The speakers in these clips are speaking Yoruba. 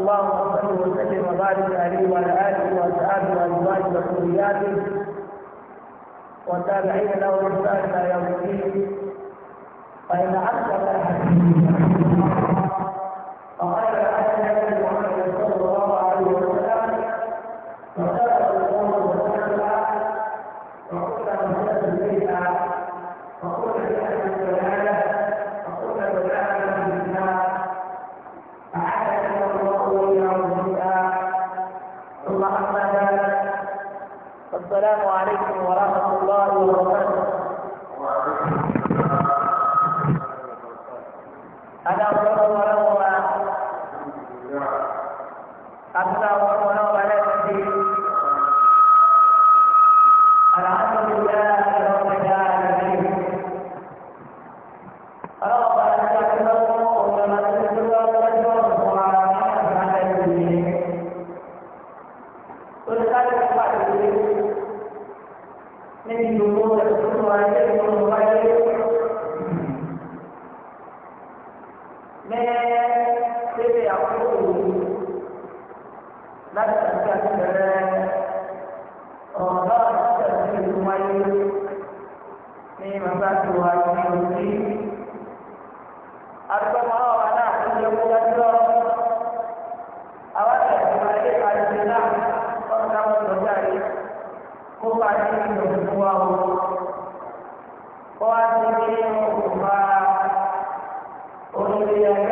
اللهم صل وسلم وبارك عليه وعلى اله واصحابه وازواجه وذرياته والتابعين له باحسان الى يوم الدين فان اصدق الحديث وخير tẹ́lẹ̀ àkókò láti àti àti bẹ̀rẹ̀ ọ̀rọ̀ bá àti àti ìlú wáyé ní bàbá àti wà ní òbí. Àgbẹ̀mọ́ ọ̀rọ̀ náà ti yẹ kó dájọ́. Àwọn àti àti àti náà wọ́n ká wọ́n lọ jáde kó bá ní ìlú wa o. Wọ́n á ti ní ọkùnrin.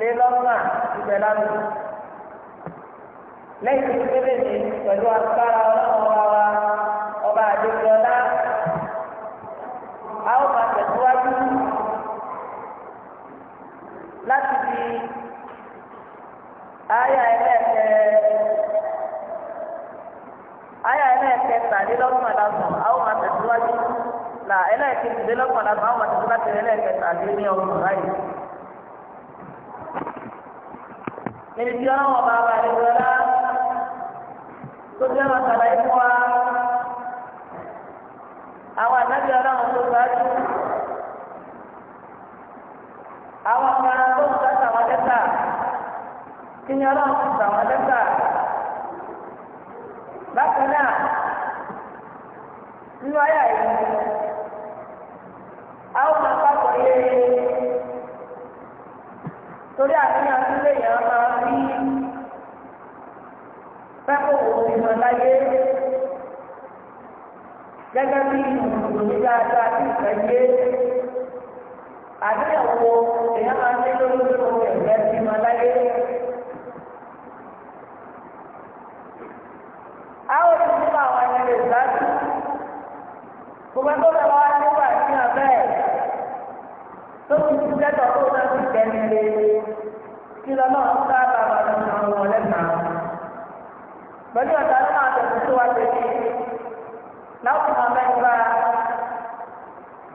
lé lọ́nà ibẹ̀ lánàá. lẹ́yìn tó kéré ní pẹ̀lú agbára wa ọba àdéjọlá a ó máa tẹ̀síwájú láti fi àyà ẹlẹ́ẹ̀kẹ́ àyà ẹlẹ́ẹ̀kẹ́ tàdélọ́gbọ̀n lásán a ó máa tẹ̀síwájú là ẹlẹ́ẹ̀kẹ́ tàdélọ́gbọ̀n lásán a ó máa tẹ̀síwájú láti ẹlẹ́ẹ̀kẹ́ níbi tí ọlọ́wọ́ bá bá rẹ̀ lọ́la tó jẹ́ wọn sàlàyé fún wa àwọn àdájọ́ ọlọ́run tó gbájú àwọn ọmọ ẹran tó ń ta sàwọn lẹ́tà kí ni ọlọ́run ti sàwọn lẹ́tà bákan náà nínú ayé àyè àwọn ọmọ àpapọ̀ yé torí àfihàn sílé yẹn máa kó òun ti mọ láyé gẹ́gẹ́ bí ìmùsùlùmí dáadáa ti fẹ́yé àdéhùwò èèyàn máa ń ní lórí lórí ẹ̀fẹ́ ti mọ láyé. àwọn olùdókòwò àwọn ẹni lè dájú gbogbo ẹgbẹ́ òṣèlú wa nígbà tí wọ́n bẹ́ẹ̀ tó ti ti jẹ́ tọ́ náà ti tẹ́lẹ̀ kí lọ́nà. pẹ̀lú ọ̀tàlọ́mọ àtẹ̀kùn tó wá tẹ̀lé láwùjọ máa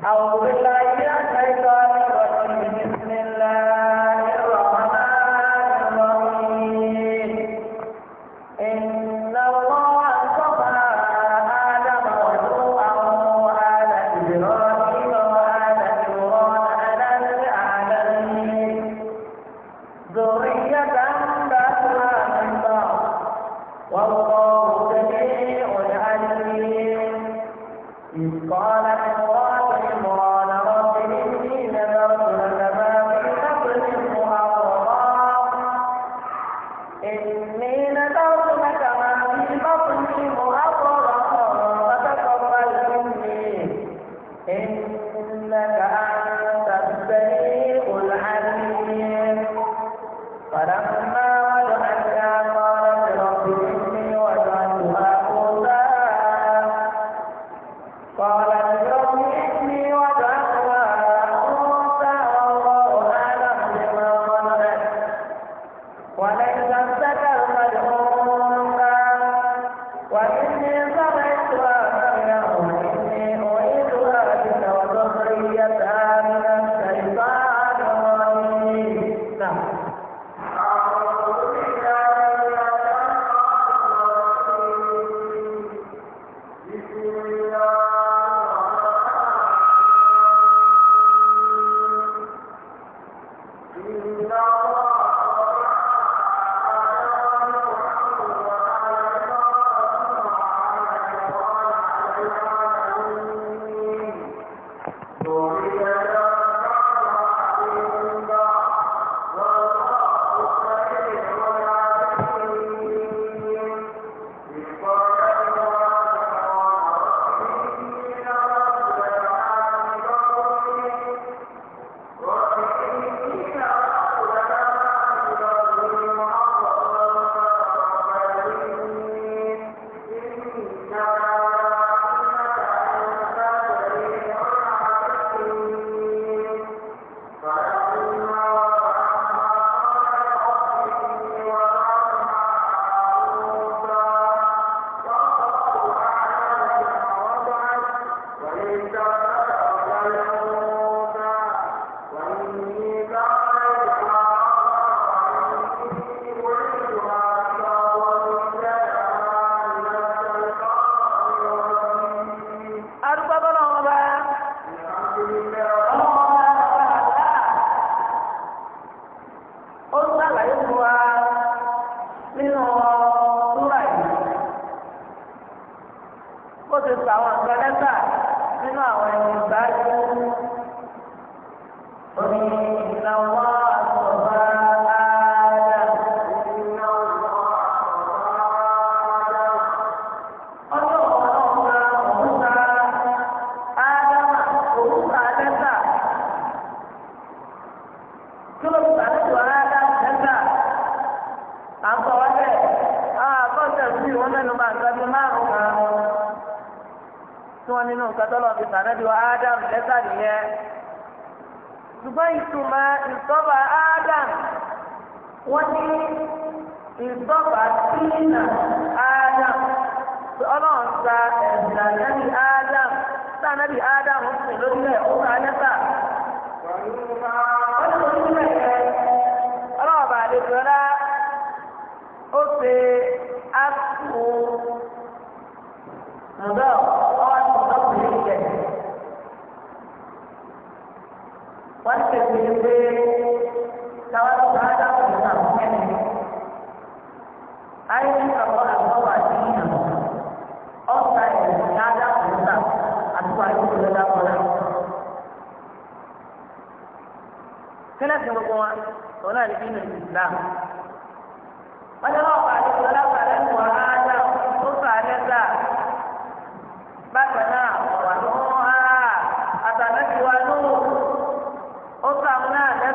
àwọn òwe láyé. ti sọ àwọn nǹkan lẹ́sà nínú àwọn ẹ̀yìn ìgbà yìí. tọ́lọ̀ fi sànẹ́bí wa Adam lẹ́sà nìyẹn ṣùgbọ́n ìtumọ̀ ìtọ́ba Adam wọ́n ní ìtọ́ba tìǹà Adam ọlọ́run sa ẹ̀sìn ànẹ́bí Adam sànẹ́bí Adam ń sìn lórílẹ̀ ó sá lẹ́sà. wọ́n ní orílẹ̀ yẹn ọlọ́run bá lè jọra ó ṣe áṣù mọ̀dọ́. pé táwọn ọba adáwọ̀ ní àwọn mẹ́rin ayé ní ọ̀pọ̀ àgbọ̀wọ̀ àti ìyàn ọ̀sà ẹ̀rọ ní adáwọ̀ nígbà àdúgbò ayé ìlú dáwọ̀ náà. kílẹ̀ sí gbogbo wa òun náà ní bí nìyí ìsìlámù. wọ́n ní wọ́n pàdé ìlú ọlọ́pàá lẹ́nu ọ̀rọ̀ ajá ó sọ àlẹ́ gbà bákan náà.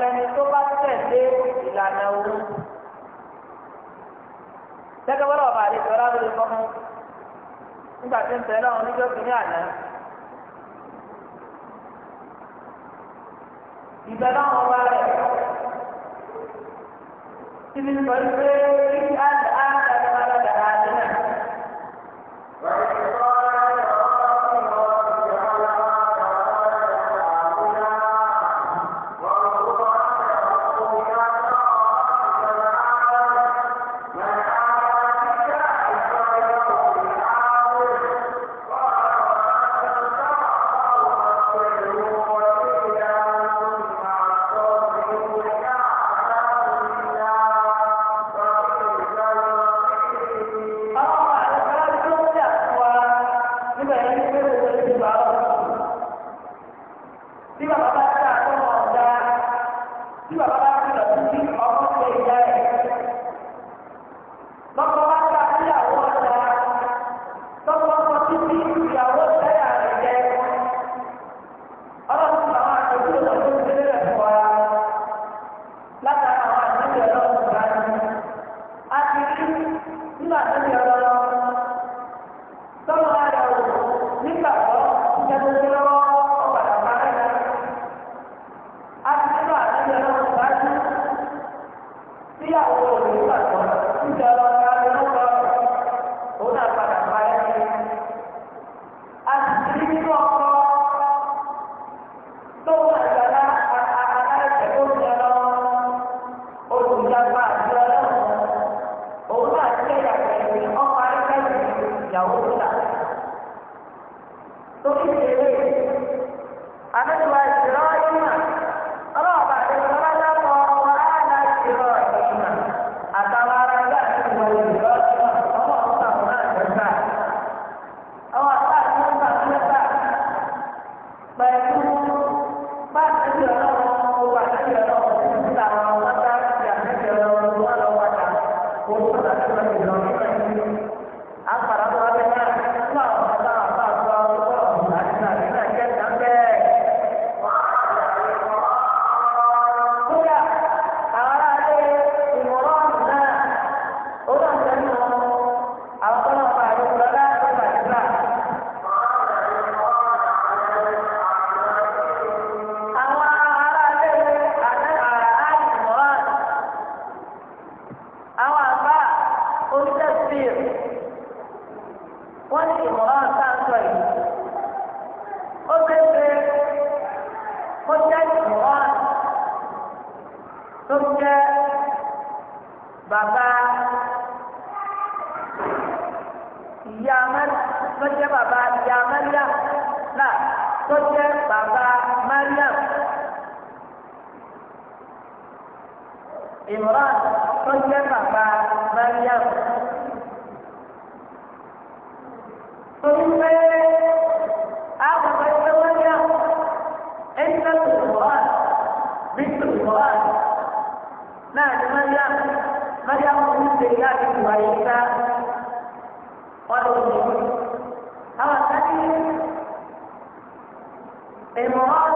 lẹni tó bá tẹ̀lé ìlànà òun. Gẹ́gẹ́ bọ́lá ọba àlejò ọlábìlì fọ́nmú nígbà tí ń bẹ náà oníjọ́ kìíní àná. Ìbẹ̀ náà wọ́n wá rẹ̀. Ibi ń sọ pé kí á lè á. Thank you. القرآن نعم مريم مريم من سيئات وعيسى والأمين أو الثاني المراد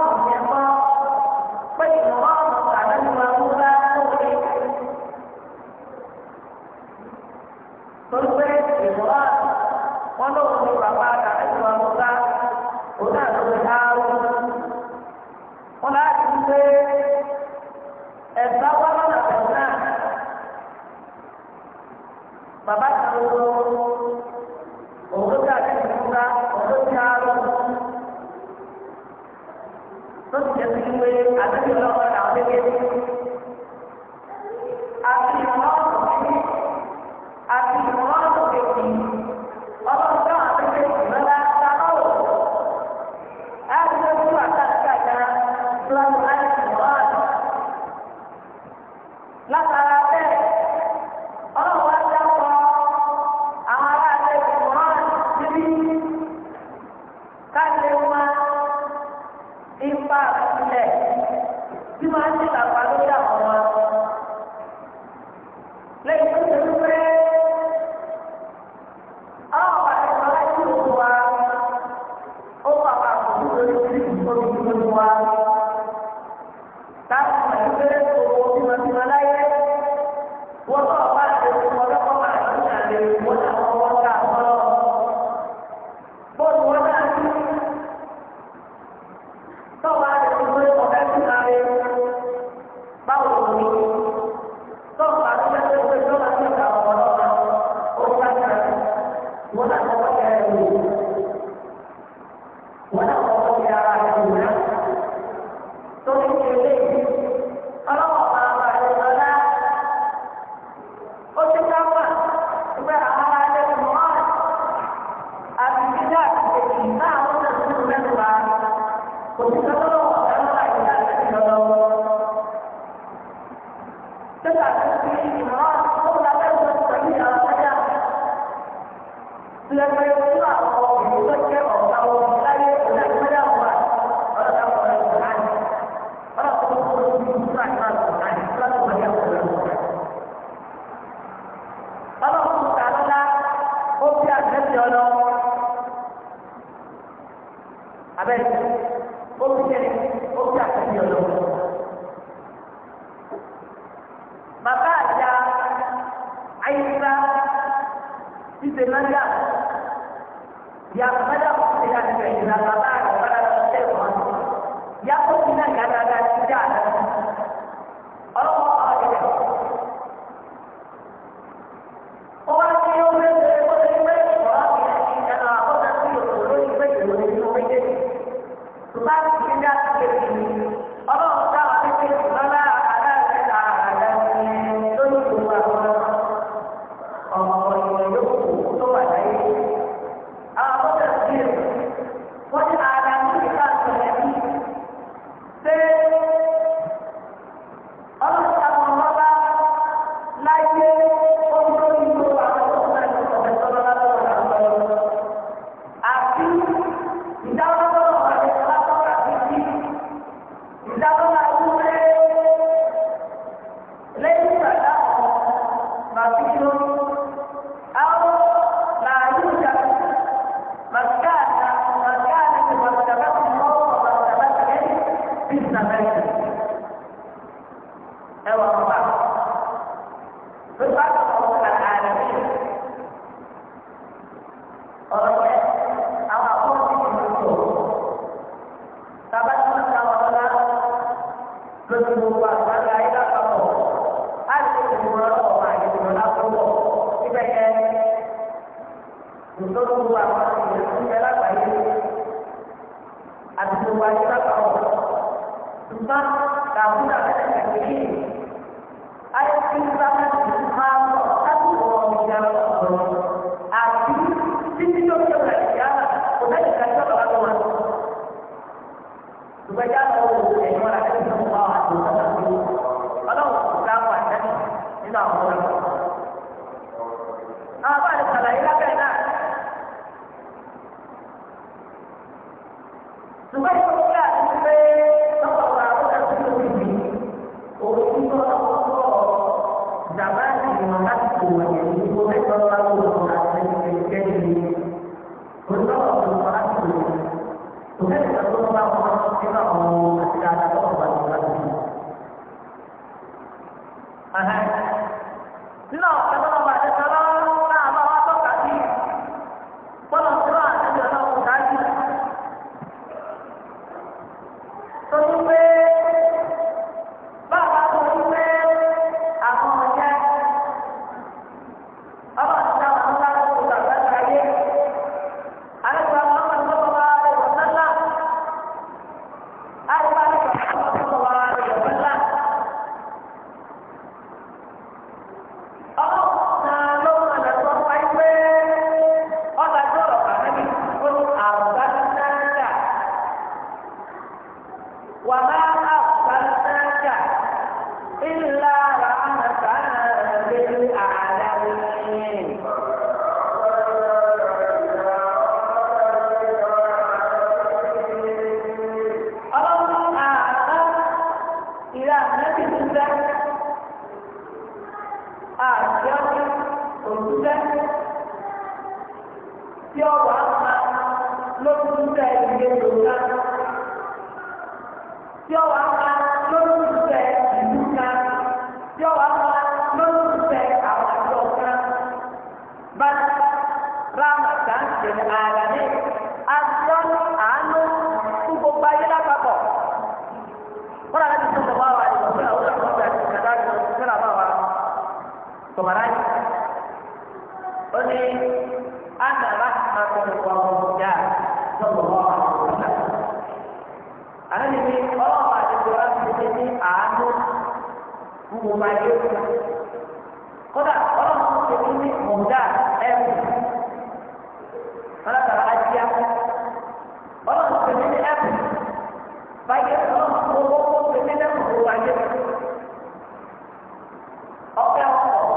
Apa yang kau?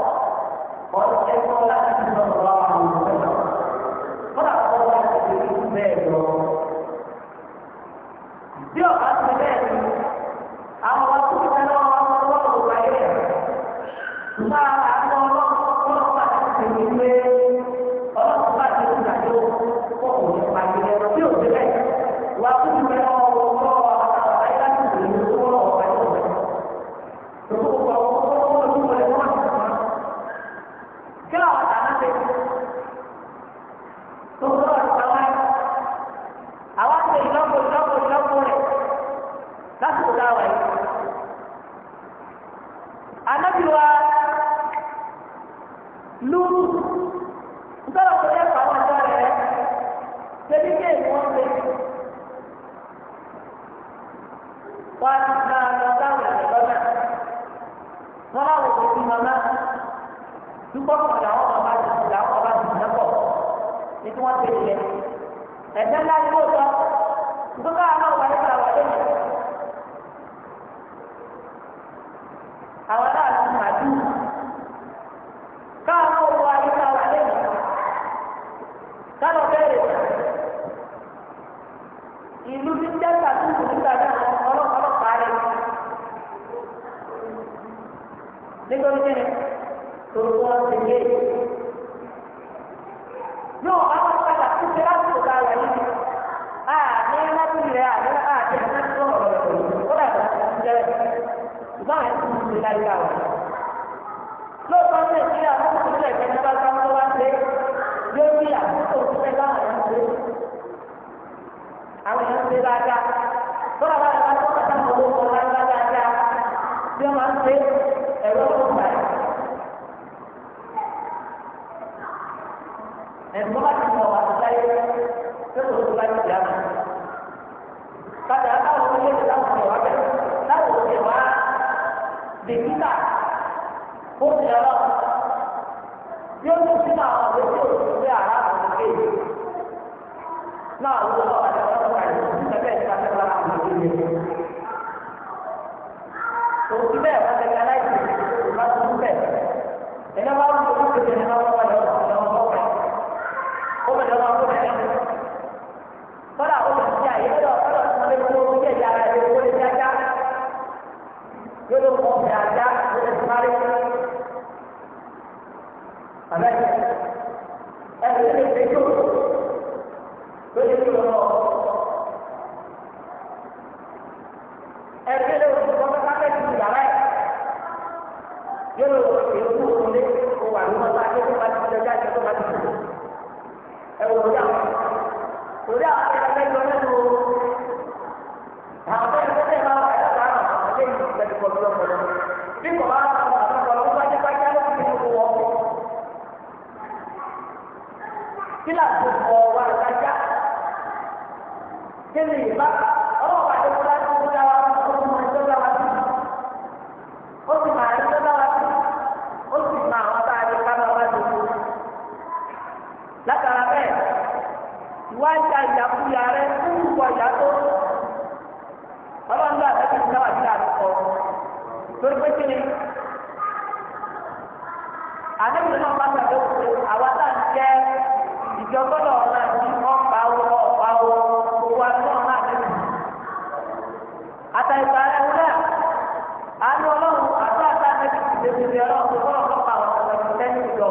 Boleh saya tolak dáadáa tọ́lá bá dáadáa tó kàtà mọ́ owó kọ́ lágbá dáadáa bí wọ́n máa ń ṣe ẹ̀rọ ọ̀gbà torí pé kí ni àdébìnrin awatan bá tẹ̀lé òkú àwa náà ń jẹ́ ìjọgbọ́dọ̀ náà ní ọ̀pá owó ọ̀pá owó owó àtúnwọ̀n náà nínú. àtàyèpá ẹ̀wù náà àánú ọlọ́run àti àtà ẹ̀bí ìdèbìrì ọlọ́run tó bọ́ọ̀ lọ́pọ̀ àwọn ọ̀sẹ̀ tẹ́lẹ̀ ìjọ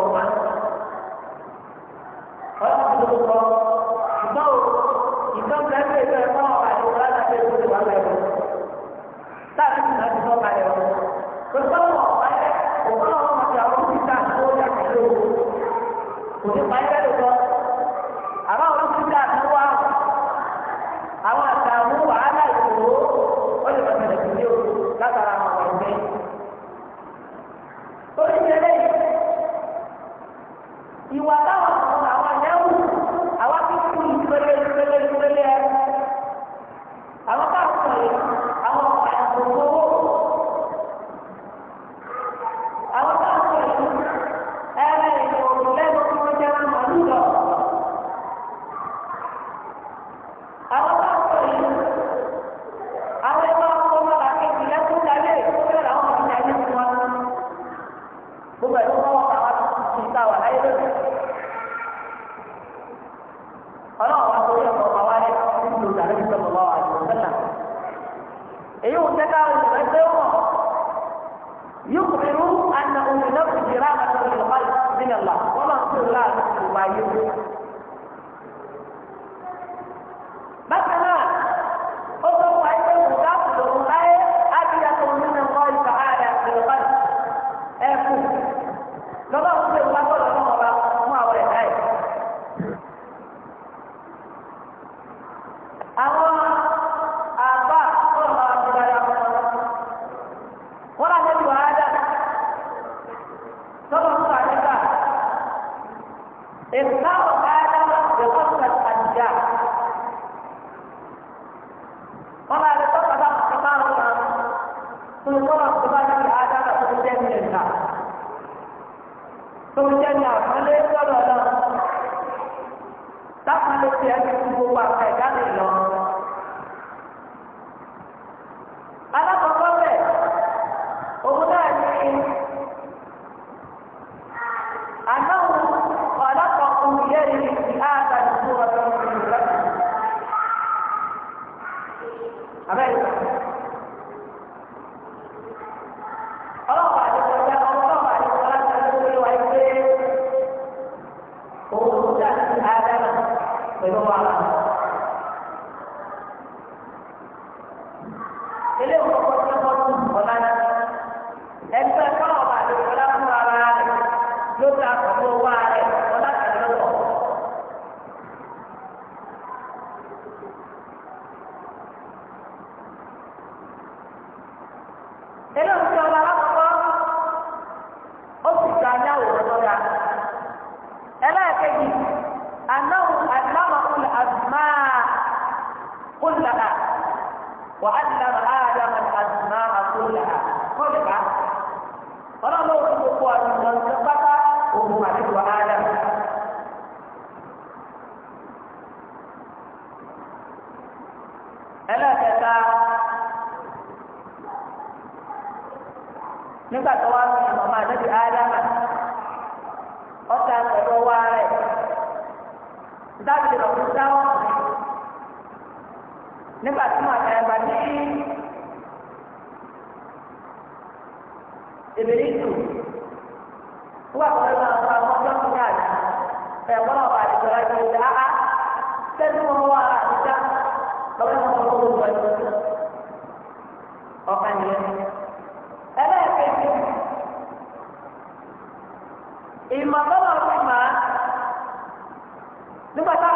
ẹlẹ́kẹta nígbà tó wá sí màmá àdébí ádámà ọ̀sẹ̀ àtọ̀dọ̀ wá rẹ̀ dábìlì ọ̀hún nígbà tí ẹgbà ní ìbílí tù wọ́n ẹ máa fa ọmọ ọjọ́ fún yàrá ẹ̀ wọ́n náà wà àdìgbò láti ọjọ́ wọn wá ìmọ̀ báwọn fi mà nígbà tá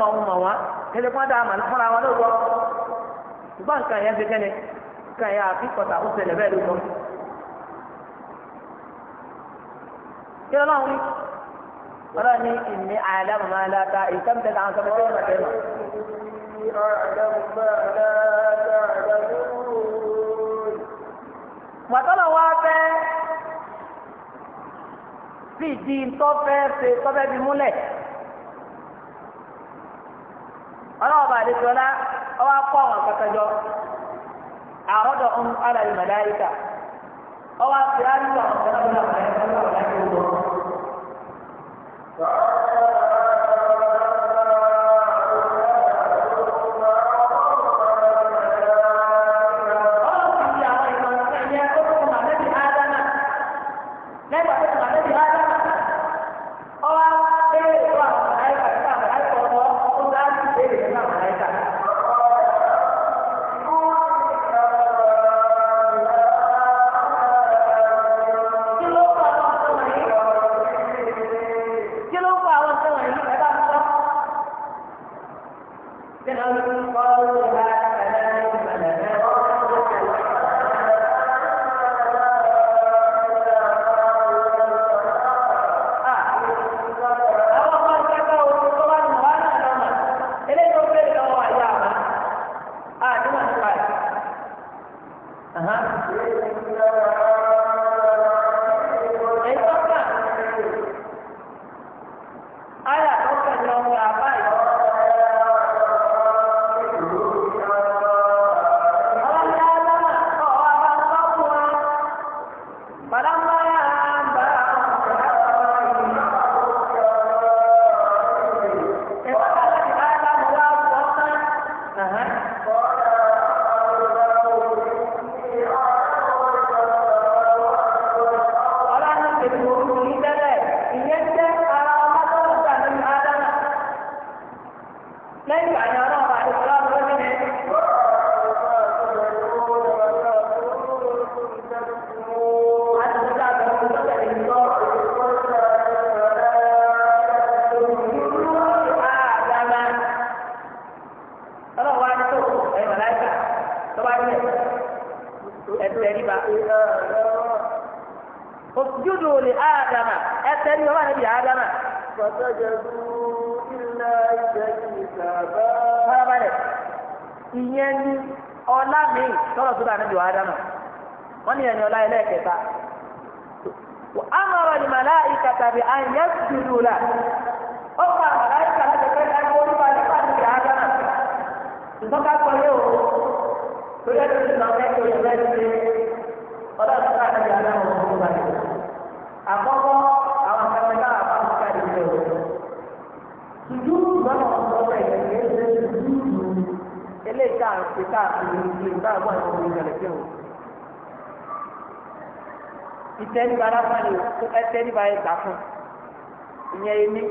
mọ̀ ọ́n mọ̀ wá kẹ́lẹ́ fún àdáhàmà fúnra wọn ló gbọ́ ṣùgbọ́n nǹkan yẹn ti kẹ́ni nǹkan yẹn àfi kọ̀tà ó ṣẹlẹ̀ bẹ́ẹ̀ ló gbọ́. kí ọlọ́run ní ọlọ́run ní ìní àyàdámà máa ń láta ìtẹ́mùtẹ́ táwọn sọ pé wọ́n tẹ́ mọ̀. Màtọ́lọ̀ wá fẹ́ fìdí tọ́fẹ́ fẹ́ tọ́fẹ́ fi múlẹ̀ ọlọ́wọ́ bá lè sọlá ọwọ́ akọ àwọn akẹ́kọ̀ọ́ àrọ́dọ̀ ọ̀hún alàyè màláyíkà ọwọ́ àti àríwá àwọn akẹ́kọ̀ọ́ bá yẹ gbà fún ìyẹn ẹni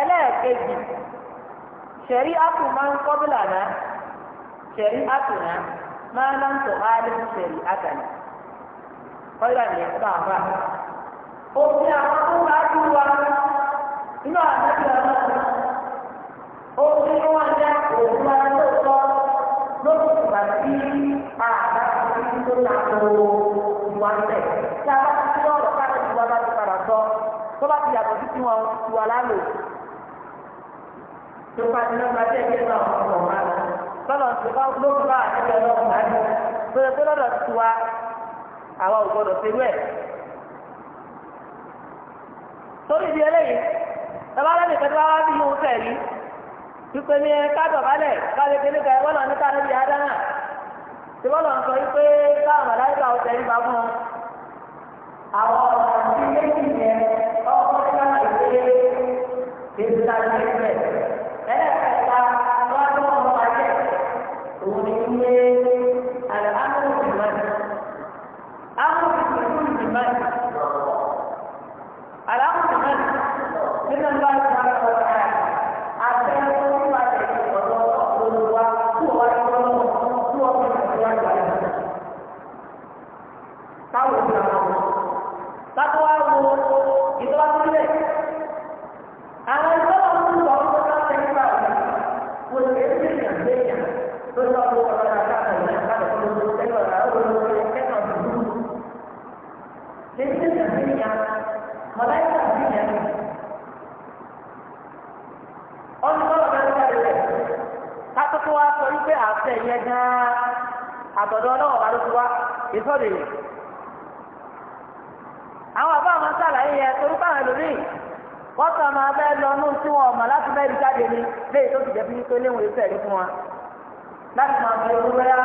ẹlẹ́ẹ̀kejì ṣẹ̀rí àpò máa ń kọ́ bílà náà ṣẹ̀rí àpò náà máa ń tọ́ ààrẹ ṣẹ̀rí àtàlẹ̀ ọ̀yà ni ẹ̀ka àbá òfin àwọn tó bá dùn wa nínú àbájọ ọlọ́run òfin tó wà ní òfin wa tó sọ lóṣù ìgbà tí àbá tó ń tó ta ko ìwà ń tí a bá ti lọ́rọ̀ ká wa bá ti padà sọ tó bá ti yàtọ̀ títí wọn ti wà lálò tó bá ti lọ́gbà tí ẹgbẹ́ náà wọn kọ̀ wá lọ lọ́dọ̀ tó bá lórí bá àtẹ́gbẹ́ ọlọ́run bá ní tó yẹ pé lọ́dọ̀ tí wa àwa ò gbọdọ̀ ṣe wẹ̀. torí ibi eléyìí tọ́ba lẹ́nu ìpẹ́tẹ́ bá wá bí yóò fẹ̀ rí wípé ní kájọ̀ balẹ̀ kájọ̀ kẹ́lẹ́kẹ́ wọ́n lọ níta níbi àdáná tí wọ́n lọ sọ wípé káwọn màláìka ọ̀tẹ̀ yìí bá fún ọ àwọn ọmọ ọkùnrin méjì yẹn ọkùnrin náà lè ìsọdì yìí àwọn àbá àwọn sàlàyé yẹn torí káwọn ẹlòmíì wọ́n tún àwọn abẹ́ lọ ní tí wọ́n mọ̀ láti bẹ́ẹ̀ jáde ní léyìí tó ti jẹ́ bíi pé ìfẹ́ rí fún wa láti máa fi owó rẹ́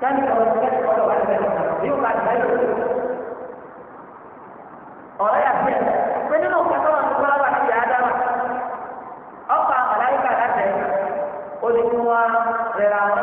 sẹ́ni ọ̀rọ̀ ìfẹ́ ọ̀rọ̀ wà lẹ́yìn yóò bá ìfẹ́ yóò ọ̀rọ̀ yà bí ẹ̀ pé nínú ọkọ̀ àmàlà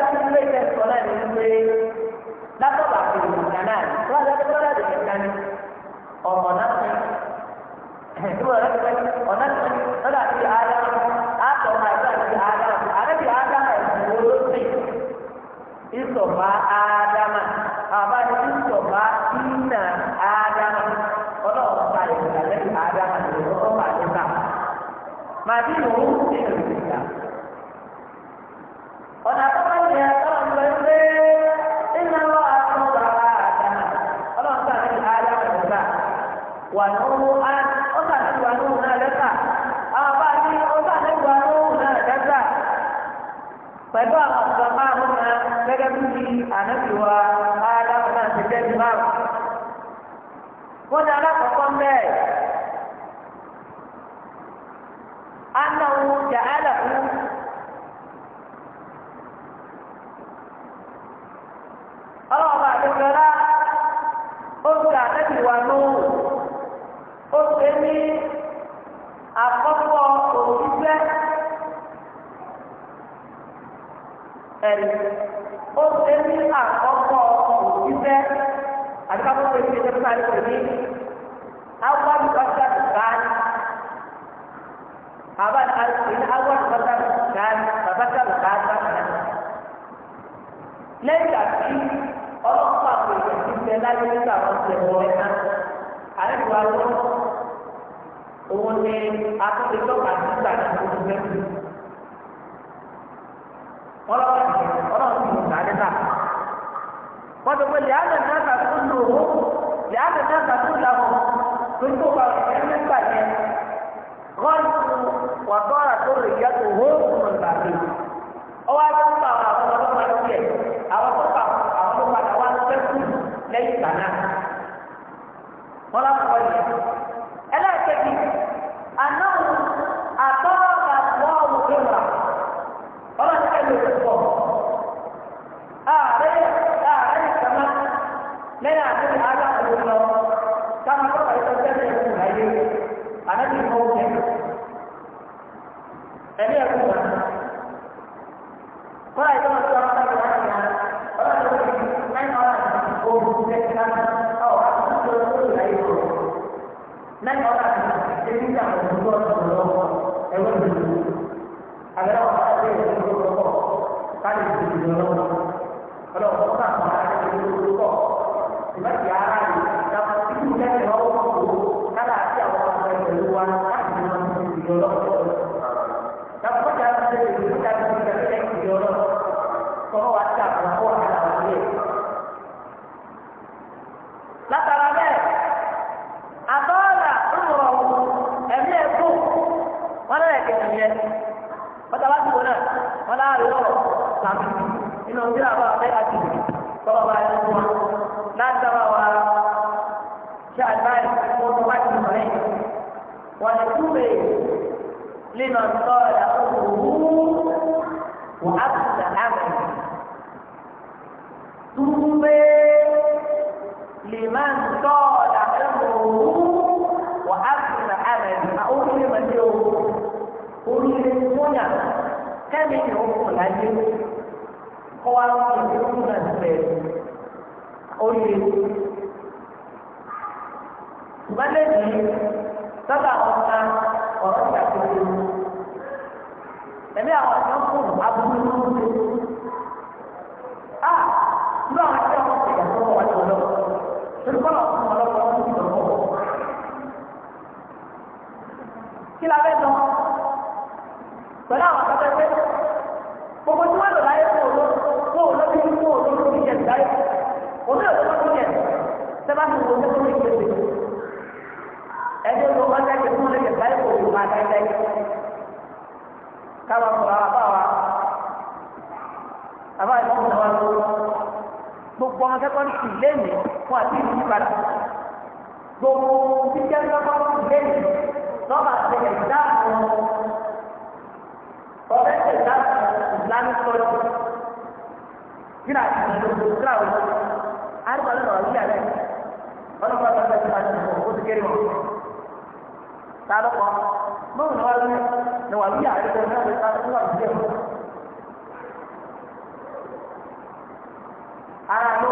sọ náà ní pé látọ̀bà kò lè nìkan náà tó wà lọ́dọ̀ lọ́dọ̀ lè nìkan ní ọ̀nà náà tí wọ́n rẹ̀ pé ọ̀nà tí wọ́n dà bí ara àtọ̀ máa dà bí ara àrẹ bí ara ẹ̀sìn olóṣè ìsọ̀bà ádámà àbájá ìsọ̀bà ìnà ádámà ọlọ́run ta ìgbàlẹ́ ádámà lọ́wọ́ bàjẹ́ náà màdínú ìrìnà. náà gẹ́gẹ́ bí ànábì wa ádámù náà ti tẹ́lẹ̀ márùn. wọ́n ní alákọ̀ọ́kọ́ mẹ́ẹ̀. annahu ja'alahu ọlọ́ọ̀bà àdókòrá ó ti ànábì wa lóhùn ó ti ní àkọ́kọ́ òṣìṣẹ́ ẹ̀rí. القرآن أول فصل الثاني أول من أول فصل الثاني ففصل الثاني ليس في أوصاف الجسم لا يمكن أن تكون على الوالد òun ni akókòtò àdúgbà ní oṣù mẹ́tì. ọlọ́run ti ọlọ́run ti mú sáré náà. wọ́n ti pèlè àlẹ́ náà kà fún lòó. هذا الناس كلهم كنتم بعلم بعدين غلطوا وصارت ذريتهم هم الباقين. tolukọlọ kí la bẹ dán pẹ̀lú àwọn akẹkẹ gbogbo tí wọn lò láyé fún olo fún olo bí fún olo tó ti jẹ láyé omi ò tó bá tó jẹ sẹba tó tó ti gbèsè ẹdí olú wọn lẹ́yìn fún olè jẹ láyé fún olùmọ àtẹlẹ káwa fúra wa bá wa àbá ìfọwọ́sowọ́sowọ́ gbogbo akẹ́kọ̀ọ́ ti lé mi fún àti ìyípadà gbogbo títẹ́ lọ́kọ́ lẹ́yìn lọ́ba àtẹ̀yẹ dáàbò ọ̀rẹ́ tẹ̀ dáàbò ìlànà sọ́dọ̀ kíra ìlú kíra òun àrùbá lọ́nà ọ̀rí àlẹ́ ọlọ́pàá tó ń bẹ sípa ní ọ̀pọ̀ ó ti kéré wọn. ta ló kọ́ mọ́wùn náà wà lóyún ni wà lóyún àti ìjọba náà lè ta ló wà lóyún ara ló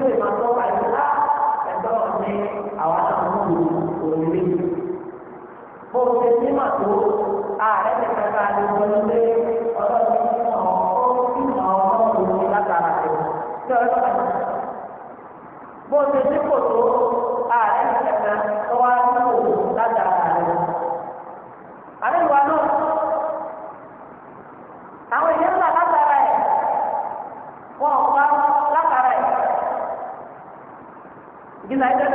tó lè máa tọ́ báyìí ní ẹgbẹ́ wọn ní àwọn àtàwọn òrùlé bó o ṣe ní màtó ààrẹ tẹ̀sán bá a lè lé ọlọ́run ní ọ̀hún ní ọ̀hún ọ̀hún látara rẹ̀ bó o ní kí láyé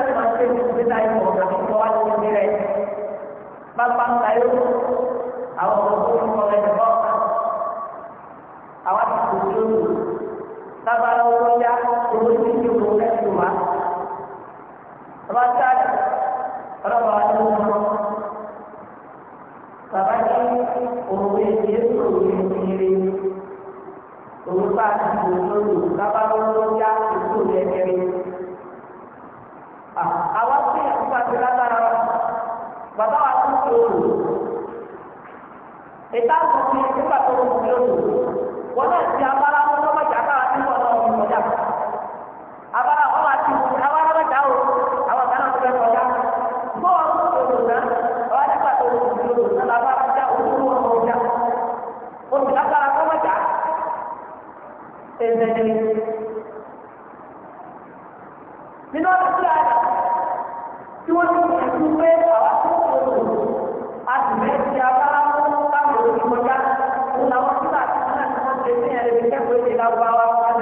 lárúbáwá wọ́n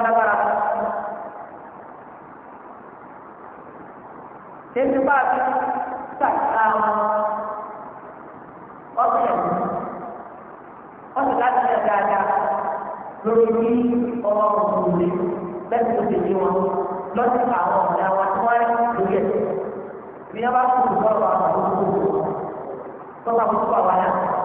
ti bá a ti sàkíyà wọn, láti lẹ̀ dáadáa lórí bí ọmọ òkú rẹ̀ bẹ́ẹ̀ tó tẹ̀lé wọn lọ́sí àwọn ọ̀dà wa tí wọ́n lórí bá kú àwọn tó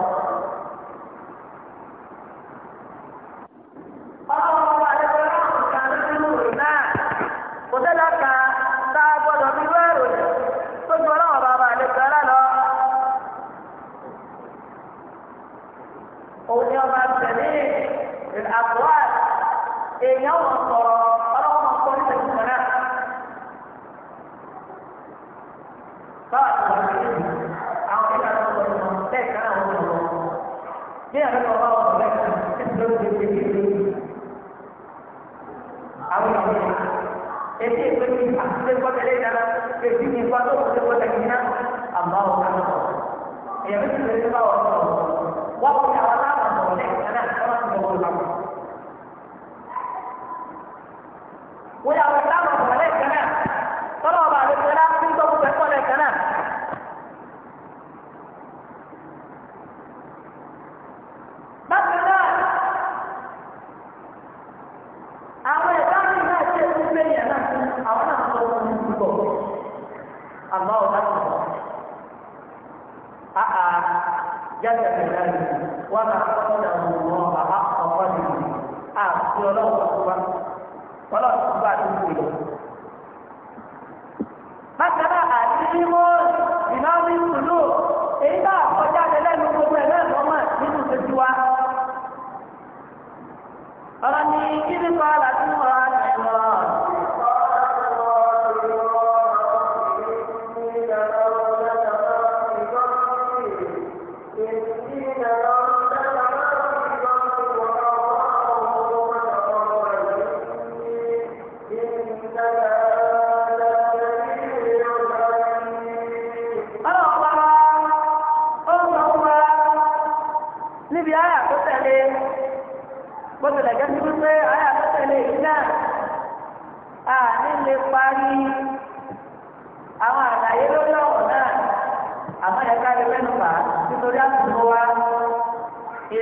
ilé ìgbésí àti ìgbésí wa ọ̀rọ̀ ni kí ni kọ́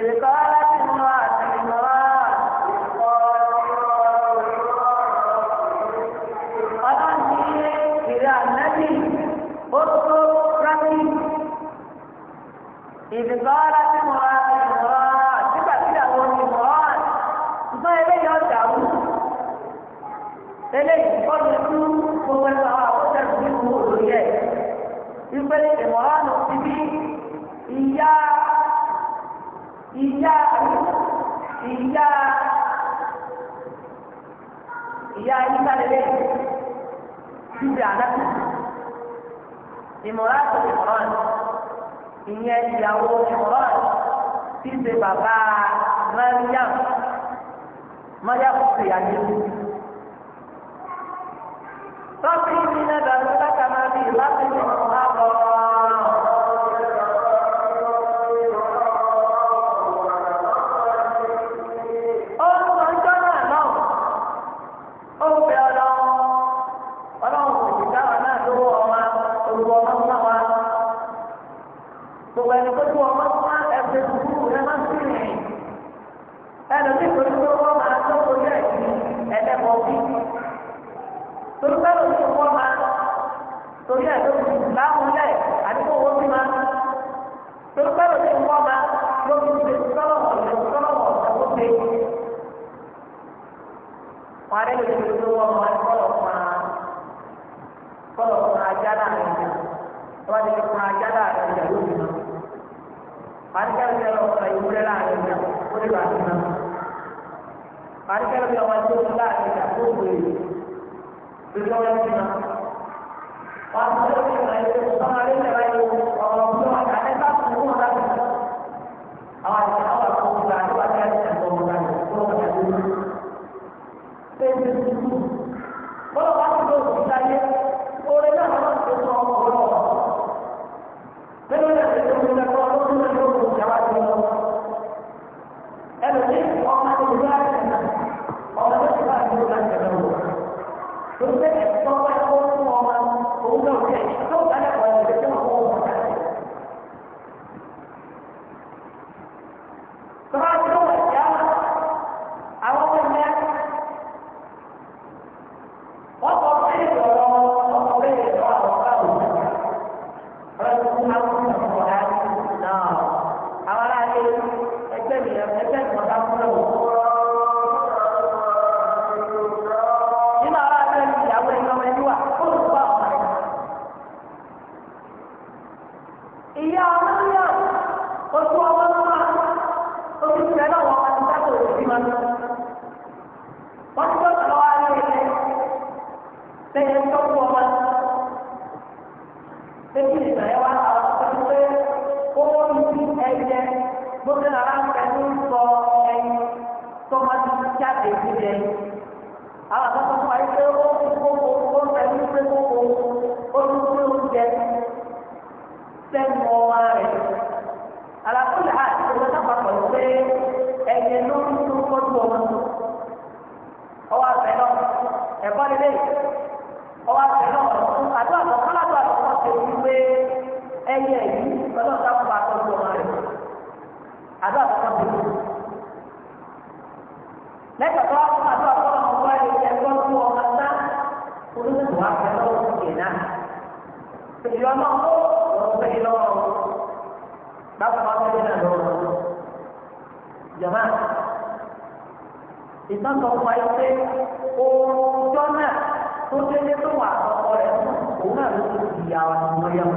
ṣèkọ́. àgbàkà ìmọ̀ràn àti ìmọ̀ràn ìyẹn ìyàwó ìmọ̀ràn tí ń ṣe bàbá mariam mariam ṣe àyẹ̀wò. Rọ́bì mi náà dàrú yẹn àwọn àkọ́kọ́ fún ayé pé ó ń kókó ó ń tẹ̀lé pé kókó ó ń gbé oúnjẹ sẹ́nu ọwọ́ rẹ̀ alákùnrin àti ìṣòro sábàpọ̀ pé ẹ̀yẹ ló ń tún kọ́jú ọmọ ọwọ́ àfẹ́ náà ẹ̀kọ́ nílé ọwọ́ àfẹ́ náà àdúrà tó kọ́lá tó àdúrà tó ṣe wípé ẹ̀yẹ yìí ọlọ́ta náà sọ fún ayé náà tó délé tó wà àkọ́kọ́ rẹ̀ òun náà ló ti di àwọn ọmọ yẹn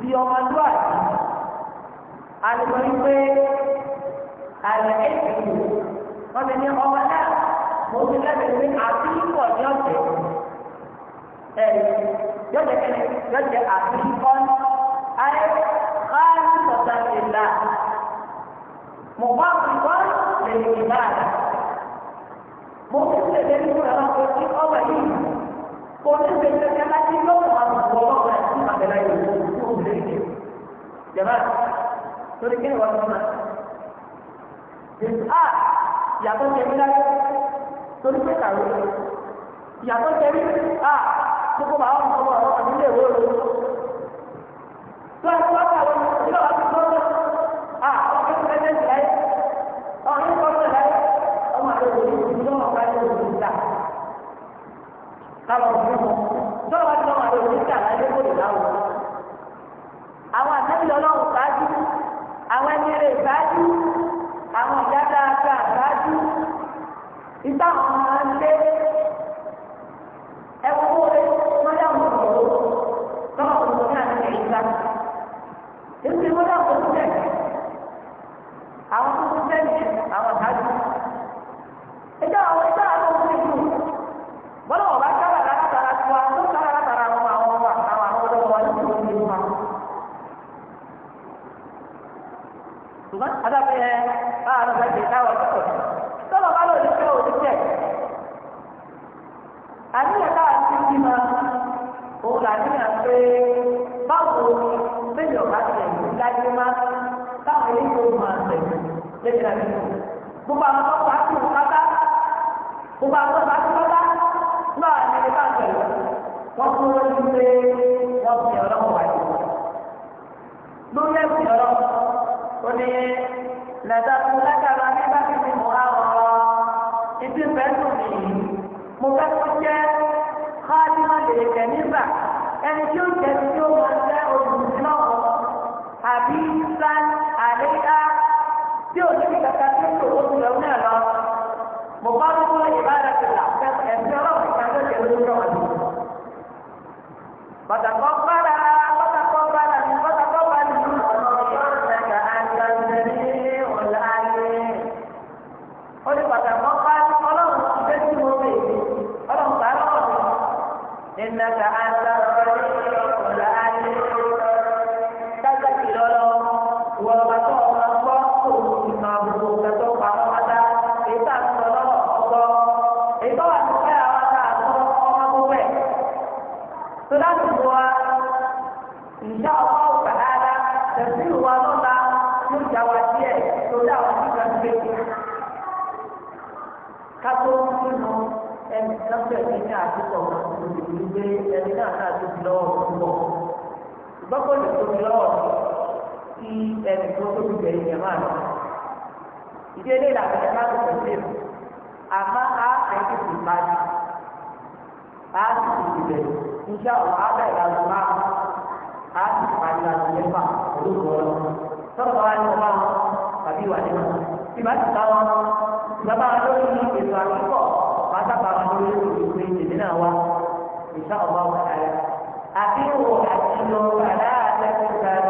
bí ọmọlúwàbí alùpùpù wípé àlẹ́ ẹ̀sìn wọ́n ti ní ọmọ náà mo ti lẹ́nu pé àbíkọ̀ ní ọ̀sẹ̀ ẹ̀ yọ̀jẹ̀ kẹ́lẹ́ yọ̀jẹ̀ àbíkọ́ ayé káàdì sọ̀tà ìlà mo bá kọ́ lè ìlà mo ti lè lẹ́nu pé ọmọ kò sí ọmọ yìí kò ní lè lẹ́nu láti lọ́wọ́ àwọn ọmọ ọmọ àti àbẹ̀lẹ̀ lóríkè jẹ̀má torí kí ni wọ́n fún ma a yàtọ̀ tẹ̀mí láyé torí pé kàwé yàtọ̀ tẹ̀mí a gbogbo bàbá wọn kọ́ ọ̀rọ̀ ọ̀dún lè wó lórí tó ẹ fún wa kàwé ìlú wa ti gbọ́dọ̀ a ọ̀rọ̀ tó fẹ́ tẹ̀sí láyé ọ̀rọ̀ tó fẹ́ láyé ọmọ àti òwúrọ̀ ìlú náà wọ́n bá yẹ òwúrọ̀ ìlú ta kálọ̀ òwúrọ̀ tó wà ní ọmọ àti òwúrọ̀ ìlú ta láyé kó lè láwùjọ àwọn àtẹ́bí lọ́lọ́run ṣáájú àwọn ẹni rẹ̀ ṣáájú àwọn ìyá dáadáa ṣáájú ìtàn àwọn ọmọ ń lé orí tó máa tẹ̀lé lẹ́sẹ̀ láti fún gbogbo àwọn tó bá tún pátá gbogbo àwọn tó bá tún pátá náà ní ilé bá tẹ̀lé wọ́n tún wọ́n ti pé wọ́n fi ọ̀rọ̀ wà ní. lórí ẹ̀sìn ọ̀rọ̀ ó ní lẹ́dàkùn lẹ́dàkùn nígbà tí mi mọ̀ àwọn ìdí ìfẹ́ tó nìyí mo fẹ́ kó jẹ́ káàdì má lè kẹ́ nígbà ẹni tí ó jẹ́ tí ó máa jẹ́ olùdíná Badakó ẹni tó tó ti bẹ̀rẹ̀ yẹn máa lọ. ìdí eléyìí làwọn ẹ̀yẹ máa tẹ̀sẹ̀ sí èmi àmọ́ a àyè ti bá a a ti ti bẹ̀rẹ̀ níṣẹ́ ọ̀rọ̀ abẹ́ ìlànà máa a ti bá a ìlànà mẹ́fà olóògbé ọlọ́run sọ̀rọ̀ bá wà ní ọmọ àwọn tàbí ìwà nínú ìbá ti bá wọn ìjọba lórí ètò àkọ́kọ́ pátápá lórí ètò ìdílé náà wá ìṣá ọ̀gbọ́n àti ìwò àti ìlò